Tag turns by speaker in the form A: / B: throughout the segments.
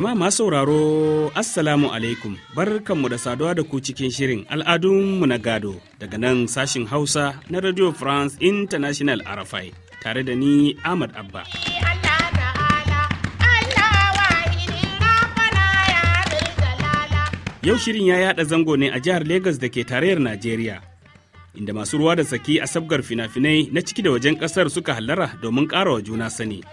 A: Jama'a masu sauraro Assalamu alaikum mu da saduwa da ku cikin shirin al'adun mu na gado daga nan sashin Hausa na Radio France International RFI tare da ni Ahmad Abba. Yau shirin ya yada zango ne a jihar Legas da ke tarayyar Najeriya inda masu ruwa da saki a sabgar fina-finai na ciki da wajen kasar suka hallara domin ƙara wa juna sani.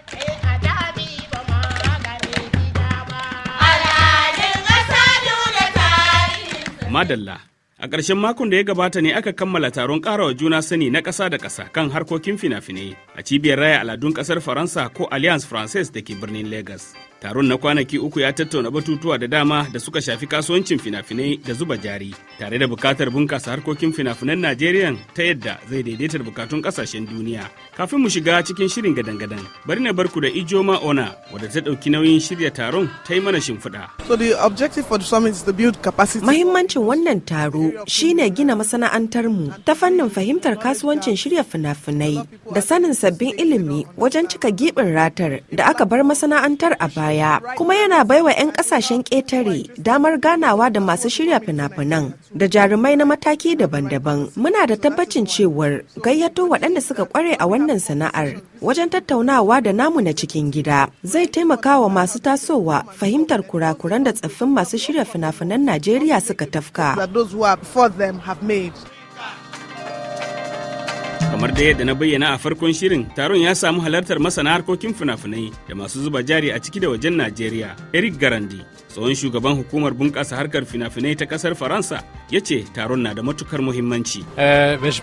A: Madalla. A ƙarshen makon da ya gabata ne aka kammala taron ƙarawa juna sani na ƙasa da ƙasa kan harkokin fina-finai a cibiyar raya aladun ƙasar Faransa ko Alliance francaise da ke birnin legas. Taron na kwanaki uku ya tattauna batutuwa da dama da suka shafi kasuwancin fina-finai da zuba jari, tare da bukatar bunkasa harkokin fina-finan Najeriya ta yadda zai daidaita bukatun kasashen duniya. Kafin mu shiga cikin shirin gadan-gadan, bari na barku da Ijoma Ona wadda ta ɗauki nauyin shirya taron ta yi mana shimfiɗa.
B: So the objective for the summit is Mahimmancin wannan taro shine gina masana'antarmu ta fannin fahimtar kasuwancin shirya fina-finai da sanin sabbin ilimi wajen cika gibin ratar da aka bar masana'antar a baya. baya kuma yana baiwa 'yan kasashen ƙetare damar ganawa da masu shirya fina-finan da jarumai na mataki daban-daban muna da tabbacin cewar gayyato waɗanda suka kware a wannan sana'ar wajen tattaunawa da namu na cikin gida zai taimaka wa masu tasowa fahimtar kurakuran da tsaffin masu shirya fina-finan najeriya suka tafka.
A: kamar da yadda na bayyana a farkon shirin taron ya samu halartar masana harkokin fina-finai da masu zuba jari a ciki da wajen najeriya eric garandi tsohon shugaban hukumar bunƙasa harkar fina-finai ta kasar faransa ya ce taron na da matukar muhimmanci
C: euh, euh,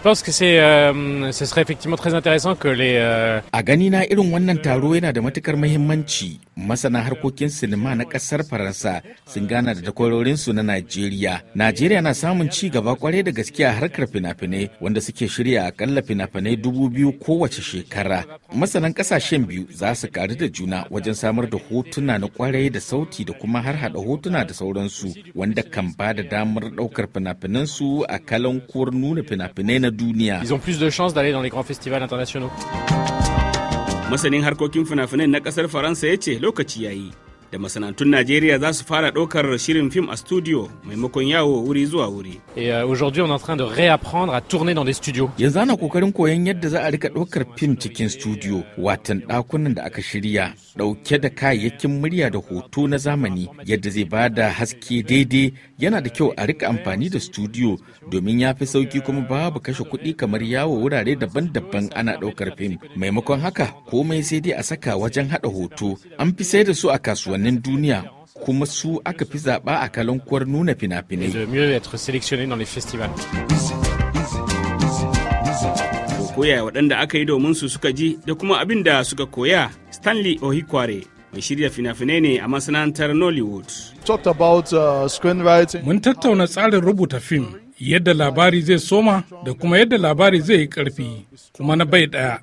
C: euh, a gani na
A: irin wannan taro yana da matukar muhimmanci masana harkokin sinima na kasar faransa sun gana da takwarorinsu na najeriya najeriya na samun ci gaba kwarai da gaskiya harkar fina-finai wanda suke shirya a fina-finai dubu biyu kowace shekara masanan kasashen biyu za su karu da juna wajen samar da hotuna na kwarai da sauti da kuma har hada hotuna da sauransu wanda kan ba da damar daukar fina-finan su a kalan kuwar nuna fina-finai na duniya masanin harkokin fina-finai na kasar faransa ya ce lokaci ya yi. da masana'antun Najeriya za su fara ɗaukar shirin fim a studio maimakon yawo wuri zuwa wuri.
C: Yanzu ana kokarin koyon yadda za a rika ɗaukar fim cikin studio watan
A: ɗakunan da aka shirya ɗauke da kayayyakin murya da hoto na zamani yadda zai ba da haske daidai yana da kyau a rika amfani da studio domin ya fi sauki kuma babu kashe kuɗi kamar yawo wurare daban-daban ana ɗaukar fim maimakon haka komai sai dai a saka wajen haɗa hoto an fi sai da su a kasuwannin duniya kuma su aka fi zaɓa a kalankuwar nuna fina-finai koya waɗanda aka yi domin su suka ji da kuma abin da suka koya stanley ohikware mai shirya fina-finai ne a masana'antar Nollywood.
C: Uh, Mun tattauna tsarin rubuta fim yadda labari zai soma da kuma yadda labari zai yi karfi kuma na bai ɗaya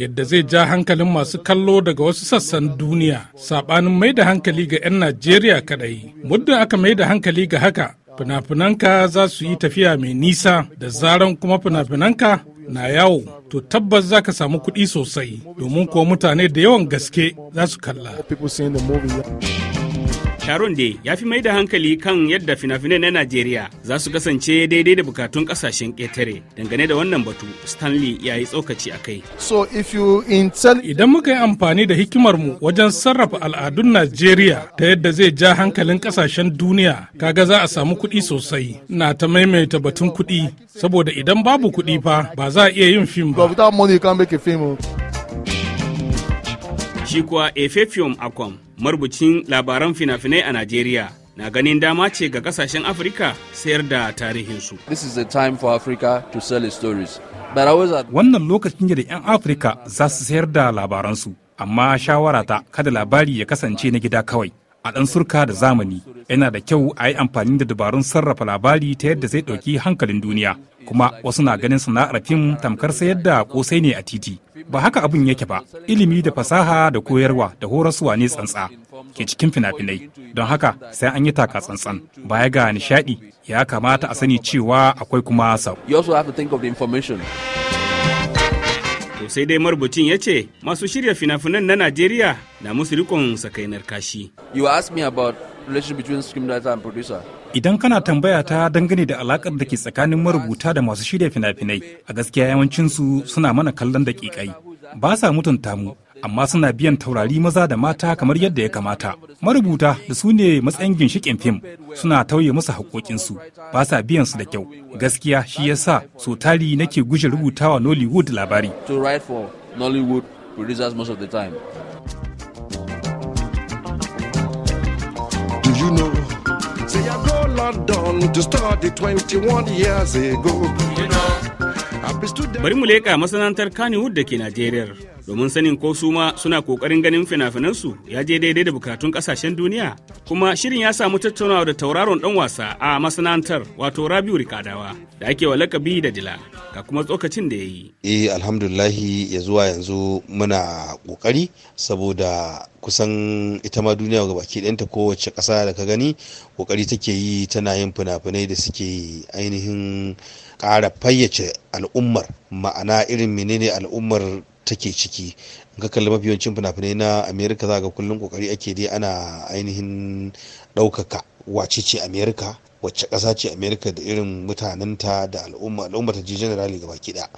C: yadda zai ja hankalin masu kallo daga wasu sassan duniya saɓanin mai da hankali ga 'yan Najeriya kaɗai. Muddin aka mai da hankali ga haka, fina-finanka za su yi tafiya mai nisa da zaran kuma fina-finanka na yawo to tabbas za ka samu kuɗi sosai domin kuwa mutane da yawan gaske za su kalla. Sharon Day ya
A: fi mai da hankali kan yadda fina-finai na Najeriya za su kasance daidai da bukatun kasashen ƙetare. Dangane da wannan batu, Stanley ya yi tsokaci a kai.
C: So Idan muka yi amfani da hikimarmu wajen sarrafa al'adun Najeriya ta yadda zai ja hankalin kasashen duniya, kaga za a samu kuɗi sosai. Na ta maimaita batun kuɗi, saboda idan babu kuɗi fa ba za a iya yin fim ba. Oh.
A: Shi kuwa Efefium Akwam marubucin labaran fina-finai a Najeriya. na ganin dama ce ga kasashen afirka sayar da tarihinsu. This is the time for Africa
D: to sell its stories. Wannan lokacin da 'yan Afirka za su sayar da labaransu, amma shawarata kada labari ya kasance na gida kawai. a ɗan surka da zamani yana da kyau a yi amfani da dabarun sarrafa labari ta yadda zai ɗauki hankalin duniya kuma wasu na ganin sana'ar fim tamkar sayar da kosai ne a titi ba haka abin yake ba ilimi da fasaha da koyarwa da horaswa ne tsantsa ke cikin fina-finai don haka sai an yi taka tsantsan baya ga nishaɗi ya kamata a sani cewa akwai kuma sau.
A: To sai dai marubucin ya ce masu shirya fina-finan na Najeriya na musu rikon sakainar kashi. You ask me about relationship between
C: screenwriter and producer.
D: Idan kana tambaya ta dangane da alakar da ke tsakanin marubuta da masu shirya fina-finai, a gaskiya yawancinsu suna mana kallon daƙiƙai. Ba sa mutunta mu, amma suna biyan taurari maza da mata kamar yadda ya kamata marubuta da su ne matsayin ginshikin fim suna tauye musu haƙoƙinsu ba sa biyan su da kyau gaskiya shi yasa so tari nake guje rubutawa nollywood labari
A: Bari mu leƙa masana'antar Kannywood da ke Najeriya. domin sanin ko su ma suna kokarin ganin fina-finansu ya je daidai da bukatun kasashen duniya kuma shirin ya samu tattaunawa da tauraron dan wasa a masana'antar wato rabiu rikadawa da ake wa lakabi da dila ga kuma tsokacin da ya yi
E: eh alhamdulahi ya zuwa yanzu muna kokari saboda kusan ita ma duniya ga baki ɗanta kowace ƙasa da ka gani kokari take yi tana yin fina-finai da suke ainihin ƙara fayyace al'ummar ma'ana irin menene al'ummar take ciki ga kalli mafi yawancin fina-finai na america za ga kullum kokari ake dai ana ainihin ɗaukaka wace ce america wacce ƙasa ce america da irin mutanenta da al'umma al'umma ta gaba kiɗa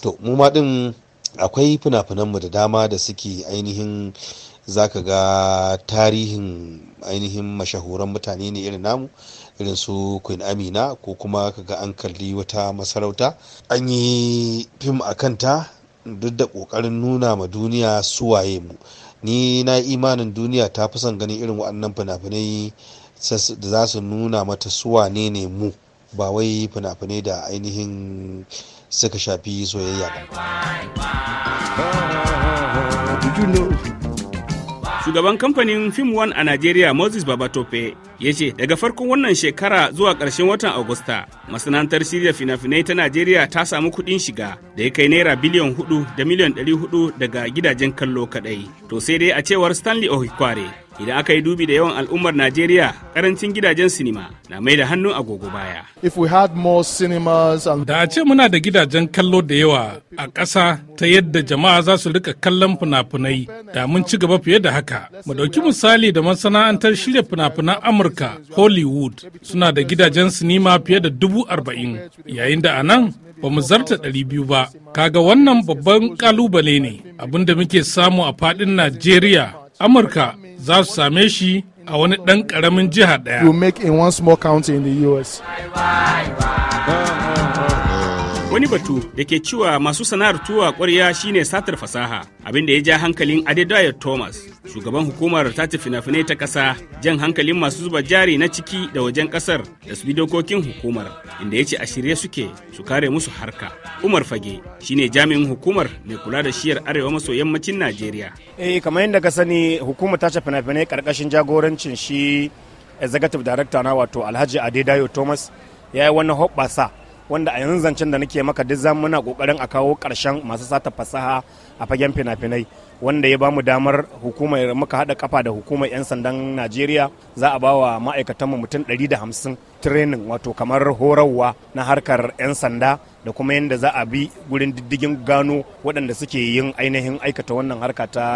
E: to mu ma din akwai fina-finanmu da dama da suke ainihin za ka ga tarihin ainihin mashahuran mutane ne irin namu irin su queen amina ko kuma ka ga an kalli wata masarauta an yi fim a kanta duk da kokarin nuna ma duniya suwaye mu ni na imanin duniya ta fi son ganin irin waɗannan fina-finai da za su nuna mata suwane ne mu ba wai fina-finai da ainihin suka shafi soyayya
C: ba.
A: shugaban kamfanin film one a najeriya moses babatope ya ce daga farkon wannan shekara zuwa ƙarshen watan agusta masana'antar shirya fina-finai ta najeriya ta samu kuɗin shiga da ya kai naira biliyan hudu da miliyan ɗari hudu daga gidajen kallo kaɗai to sai dai a cewar stanley ohikware Idan aka yi dubi da yawan al'ummar Najeriya, karancin gidajen sinima na mai da hannu agogo baya.
C: If we had more cinemas and... Da a ce muna da gidajen kallo da yawa a ƙasa ta yadda jama'a za su rika kallon fina-finai da mun ci gaba fiye da haka. Mu ɗauki misali da masana'antar shirya fina-finan Amurka, Hollywood, suna da gidajen sinima fiye da dubu arba'in, yayin da a nan ba mu zarta ɗari biyu ba. Kaga wannan babban ƙalubale ne abin da muke samu a faɗin Najeriya Amurka za su same shi a wani ɗan ƙaramin jiha ɗaya. You make in one small county in the US. Bye, bye, bye.
A: Wani batu da ke ciwa masu sana'ar tuwa ƙwarya shine satar fasaha, abin da ya ja hankalin Adedayo Thomas, shugaban hukumar tace fina-finai ta ƙasa, jan hankalin masu zuba jari na ciki da wajen ƙasar da su bi dokokin hukumar, inda ya ce a shirye suke su kare musu harka. Umar Fage shine jami'in hukumar mai kula da shiyar arewa maso yammacin Najeriya.
B: Eh kamar yadda ka sani hukumar tace fina-finai karkashin jagorancin shi executive director na wato Alhaji Adedayo Thomas ya yi wani hoɓɓasa wanda a yanzu zancen da nake maka duk zamu muna kokarin a kawo karshen masu sata fasaha a fagen fina-finai wanda ya bamu damar hukumar muka hada kafa da hukumar 'yan sandan Najeriya za a bawa ma'aikatanmu mutum 150 training wato kamar horarwa na harkar 'yan sanda da kuma yadda za a bi gurin diddigin gano waɗanda suke yin ainihin aikata wannan harka ta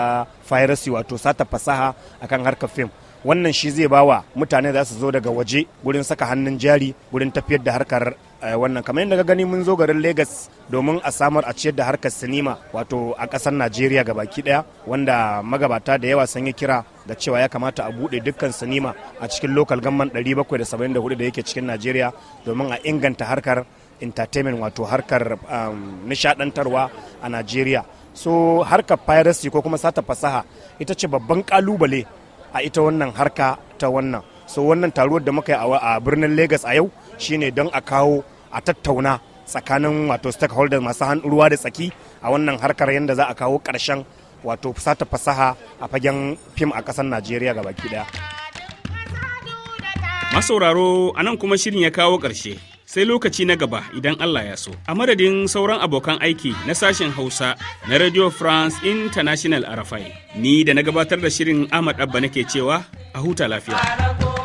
B: piracy wato sata fasaha akan harkar fim. wannan shi zai bawa mutane za su zo daga waje gurin saka hannun jari gurin tafiyar da harkar Eh, wannan kamar yadda ka gani mun zo garin Legas domin a samar a ciyar da harkar sinima wato a ƙasar Najeriya ga baki ɗaya wanda magabata da yawa sun yi kira da cewa ya kamata a bude dukkan sinima a cikin lokal gamman 774 da yake cikin Najeriya domin a inganta harkar entertainment wato harkar um, nishadantarwa a Najeriya. So harkar piracy ko kuma sata fasaha ita ce babban kalubale a ita wannan harka ta wannan. So wannan taruwar da muka yi a birnin Legas a yau shine don a kawo a tattauna tsakanin wato stakeholders masu ruwa da tsaki a wannan harkar yadda za a kawo ƙarshen wato sata fasaha a fagen fim a ƙasar najeriya ga baki daya
A: masauraro a nan kuma shirin ya kawo ƙarshe sai lokaci na gaba idan allah ya so a madadin sauran abokan aiki na sashen hausa na radio france international arafai ni da na gabatar da shirin ahmad abba nake cewa a huta
D: lafiya